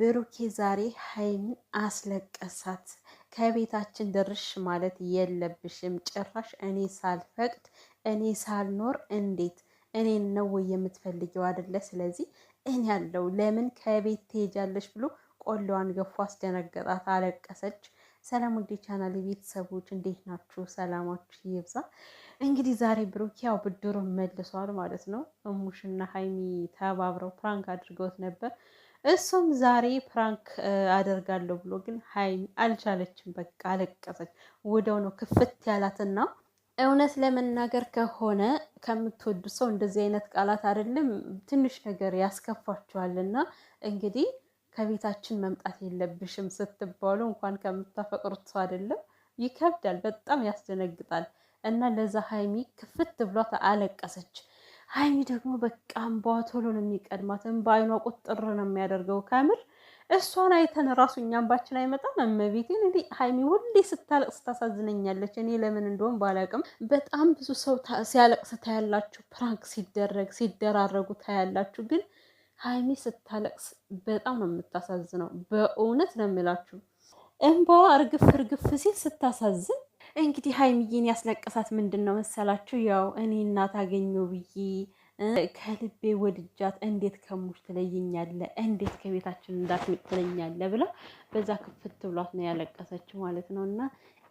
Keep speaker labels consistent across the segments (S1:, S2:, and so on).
S1: ብሩኬ ዛሬ ሀይሚን አስለቀሳት። ከቤታችን ድርሽ ማለት የለብሽም ጭራሽ እኔ ሳልፈቅድ እኔ ሳልኖር እንዴት እኔን ነው የምትፈልጊው አይደለ? ስለዚህ እኔ ያለው ለምን ከቤት ትሄጃለሽ ብሎ ቆሎዋን ገፎ አስደነገጣት። አለቀሰች። ሰላም ውዴ ቻናል ቤተሰቦች እንዴት ናችሁ? ሰላማችሁ ይብዛ። እንግዲህ ዛሬ ብሩክ ያው ብድሩን መልሷል ማለት ነው። እሙሽና ሀይሚ ተባብረው ፕራንክ አድርገውት ነበር። እሱም ዛሬ ፕራንክ አደርጋለሁ ብሎ ግን ሀይሚ አልቻለችም። በቃ አለቀሰች። ወደው ነው ክፍት ያላትና እውነት ለመናገር ከሆነ ከምትወዱ ሰው እንደዚህ አይነት ቃላት አይደለም ትንሽ ነገር ያስከፋችኋልና እንግዲህ ከቤታችን መምጣት የለብሽም ስትባሉ እንኳን ከምታፈቅሩት ሰው አይደለም ይከብዳል፣ በጣም ያስደነግጣል። እና ለዛ ሀይሚ ክፍት ብሏት አለቀሰች። ሀይሚ ደግሞ በቃ እምባዋ ቶሎ ነው የሚቀድማትን በአይኗ ቁጥር ነው የሚያደርገው። ከምር እሷን አይተን ራሱ እኛም ባችን አይመጣም። እመቤቴን እንዲህ ሀይሚ ሁሌ ስታለቅስ ታሳዝነኛለች። እኔ ለምን እንደሆን ባላቅም በጣም ብዙ ሰው ሲያለቅስ ታያላችሁ፣ ፕራንክ ሲደረግ ሲደራረጉ ታያላችሁ ግን ሀይሚ ስታለቅስ በጣም ነው የምታሳዝነው። በእውነት ነው የሚላችሁ እንባዋ እርግፍ እርግፍ ሲል ስታሳዝን። እንግዲህ ሀይሚዬን ያስለቀሳት ምንድን ነው መሰላችሁ? ያው እኔ እናት አገኘው ብዬ ከልቤ ወድጃት እንዴት ከሙሽ ትለይኛለ፣ እንዴት ከቤታችን ትለኛለ ብላ በዛ ክፍት ብሏት ነው ያለቀሰችው ማለት ነው እና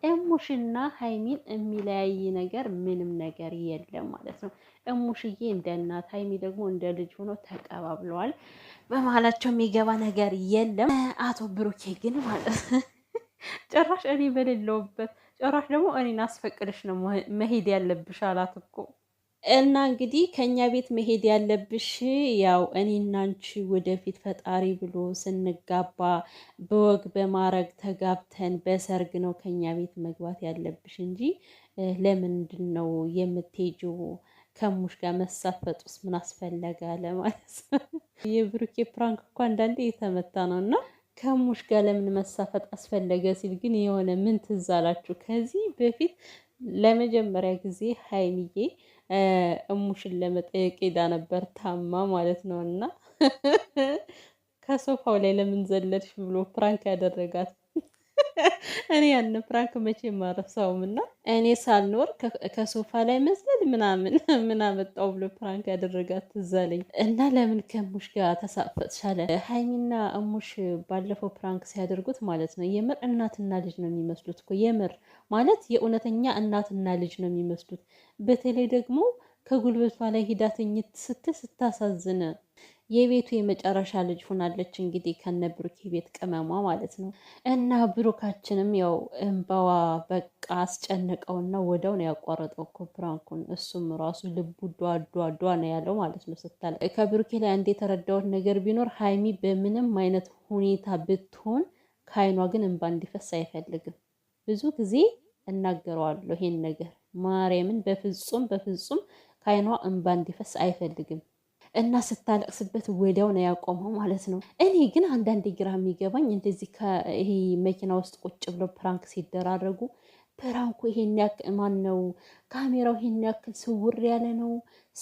S1: እሙሽና ሀይሚን የሚለያይ ነገር ምንም ነገር የለም ማለት ነው። እሙሽዬ እንደ እናት፣ ሀይሚ ደግሞ እንደ ልጅ ሆኖ ተቀባብለዋል። በመሀላቸው የሚገባ ነገር የለም። አቶ ብሩኬ ግን ማለት ጭራሽ እኔ በሌለውበት ጭራሽ ደግሞ እኔን አስፈቅደሽ ነው መሄድ ያለብሽ አላት እኮ እና እንግዲህ ከኛ ቤት መሄድ ያለብሽ ያው እኔና አንቺ ወደፊት ፈጣሪ ብሎ ስንጋባ በወግ በማረግ ተጋብተን በሰርግ ነው ከኛ ቤት መግባት ያለብሽ እንጂ ለምንድን ነው የምትሄጂው? ከሙሽ ጋር መሳፈጡስ ምን አስፈለገ? አለ ማለት ነው። የብሩኬ ፕራንክ እኮ አንዳንዴ የተመታ ነው እና ከሙሽ ጋር ለምን መሳፈጥ አስፈለገ ሲል ግን የሆነ ምን ትዝ አላችሁ ከዚህ በፊት ለመጀመሪያ ጊዜ ሀይሚዬ እሙሽን ለመጠየቅ ሄዳ ነበር ታማ ማለት ነው እና ከሶፋው ላይ ለምን ዘለድሽ ብሎ ፕራንክ ያደረጋት እኔ ያን ፕራንክ መቼም ሰውም እና እኔ ሳልኖር ከሶፋ ላይ መዝለል ምናምን ምን አመጣው ብሎ ፕራንክ ያደረጋት ትዛለኝ እና ለምን ከሙሽ ጋር ተሳፈጥሻለ? አለ ሀይሚና እሙሽ ባለፈው ፕራንክ ሲያደርጉት ማለት ነው። የምር እናትና ልጅ ነው የሚመስሉት እኮ የምር ማለት የእውነተኛ እናትና ልጅ ነው የሚመስሉት። በተለይ ደግሞ ከጉልበቷ ላይ ሂዳተኝት ተኝት ስትል ስታሳዝነ የቤቱ የመጨረሻ ልጅ ሆናለች። እንግዲህ ከነ ብሩክ ቤት ቅመሟ ማለት ነው። እና ብሩካችንም ያው እንባዋ በቃ አስጨነቀውና ወደው ነው ያቋረጠው እኮ ፕራንኩን። እሱም ራሱ ልቡ ዷ ነው ያለው ማለት ነው። ስታለ ከብሩኬ ላይ አንድ የተረዳውት ነገር ቢኖር ሀይሚ በምንም አይነት ሁኔታ ብትሆን ከአይኗ ግን እንባ እንዲፈስ አይፈልግም። ብዙ ጊዜ እናገረዋለሁ ይሄን ነገር ማርያምን፣ በፍጹም በፍጹም ከአይኗ እንባ እንዲፈስ አይፈልግም። እና ስታለቅስበት ወዲያው ነው ያቆመው ማለት ነው። እኔ ግን አንዳንድ ግራ የሚገባኝ እንደዚህ ከይሄ መኪና ውስጥ ቁጭ ብለው ፕራንክ ሲደራረጉ ፕራንኩ ይሄን ያክል ማን ነው ካሜራው ይሄን ያክል ስውር ያለ ነው፣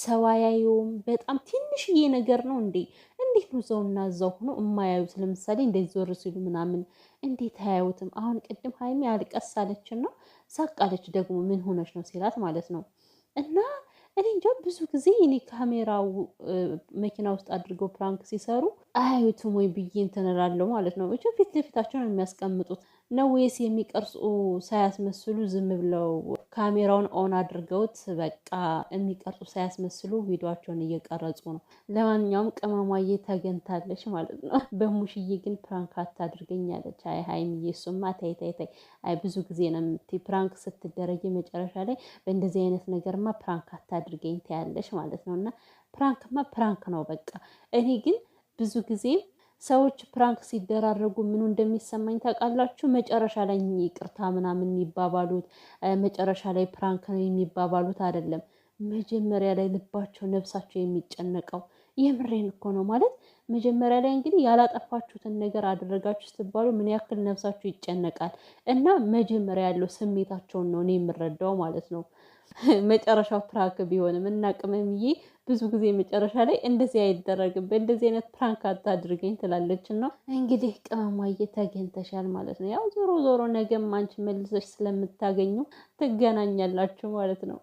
S1: ሰው አያየውም። በጣም ትንሽዬ ነገር ነው እንዴ! እንዴት ነው እዛው እና እዛው ሆኖ የማያዩት? ለምሳሌ እንደዚህ ዞር ሲሉ ምናምን እንዴት አያዩትም? አሁን ቅድም ሀይሚ አልቀሳለች እና ሳቃለች ደግሞ ምን ሆነች ነው ሲላት ማለት ነው እና እኔ እንጃ ብዙ ጊዜ እኔ ካሜራው መኪና ውስጥ አድርገው ፕራንክ ሲሰሩ አያዩትም ወይ ብዬ እንትን እላለሁ ማለት ነው። ፊት ለፊታቸውን የሚያስቀምጡት ነው ወይስ የሚቀርጹ ሳያስመስሉ ዝም ብለው ካሜራውን ኦን አድርገውት በቃ የሚቀርጹ ሳያስመስሉ ቪዲዮቸውን እየቀረጹ ነው? ለማንኛውም ቅመሟዬ ተገንታለች ማለት ነው። በሙሽዬ ግን ፕራንክ አለች። አይ ሀይሚዬ፣ እሱማ ታይ አይ ብዙ ጊዜ ነው የምትይ ፕራንክ ስትደረጊ፣ መጨረሻ ላይ በእንደዚህ አይነት ነገርማ ፕራንክ አታድርገኝ ትያለች ማለት ነው። እና ፕራንክማ ፕራንክ ነው በቃ እኔ ግን ብዙ ጊዜ ሰዎች ፕራንክ ሲደራረጉ ምኑ እንደሚሰማኝ ታውቃላችሁ? መጨረሻ ላይ ይቅርታ ምናምን የሚባባሉት መጨረሻ ላይ ፕራንክ ነው የሚባባሉት አይደለም። መጀመሪያ ላይ ልባቸው፣ ነፍሳቸው የሚጨነቀው የምሬን እኮ ነው ማለት መጀመሪያ ላይ እንግዲህ ያላጠፋችሁትን ነገር አደረጋችሁ ስትባሉ ምን ያክል ነፍሳችሁ ይጨነቃል። እና መጀመሪያ ያለው ስሜታቸውን ነው እኔ የምረዳው ማለት ነው። መጨረሻው ፕራንክ ቢሆንም እና ቅመምዬ ብዙ ጊዜ መጨረሻ ላይ እንደዚህ አይደረግም፣ በእንደዚህ አይነት ፕራንክ አታድርገኝ ትላለች። ነው እንግዲህ ቅመሟዬ ተገኝተሻል ማለት ነው። ያው ዞሮ ዞሮ ነገም አንቺ መልሰሽ ስለምታገኙ ትገናኛላችሁ ማለት ነው።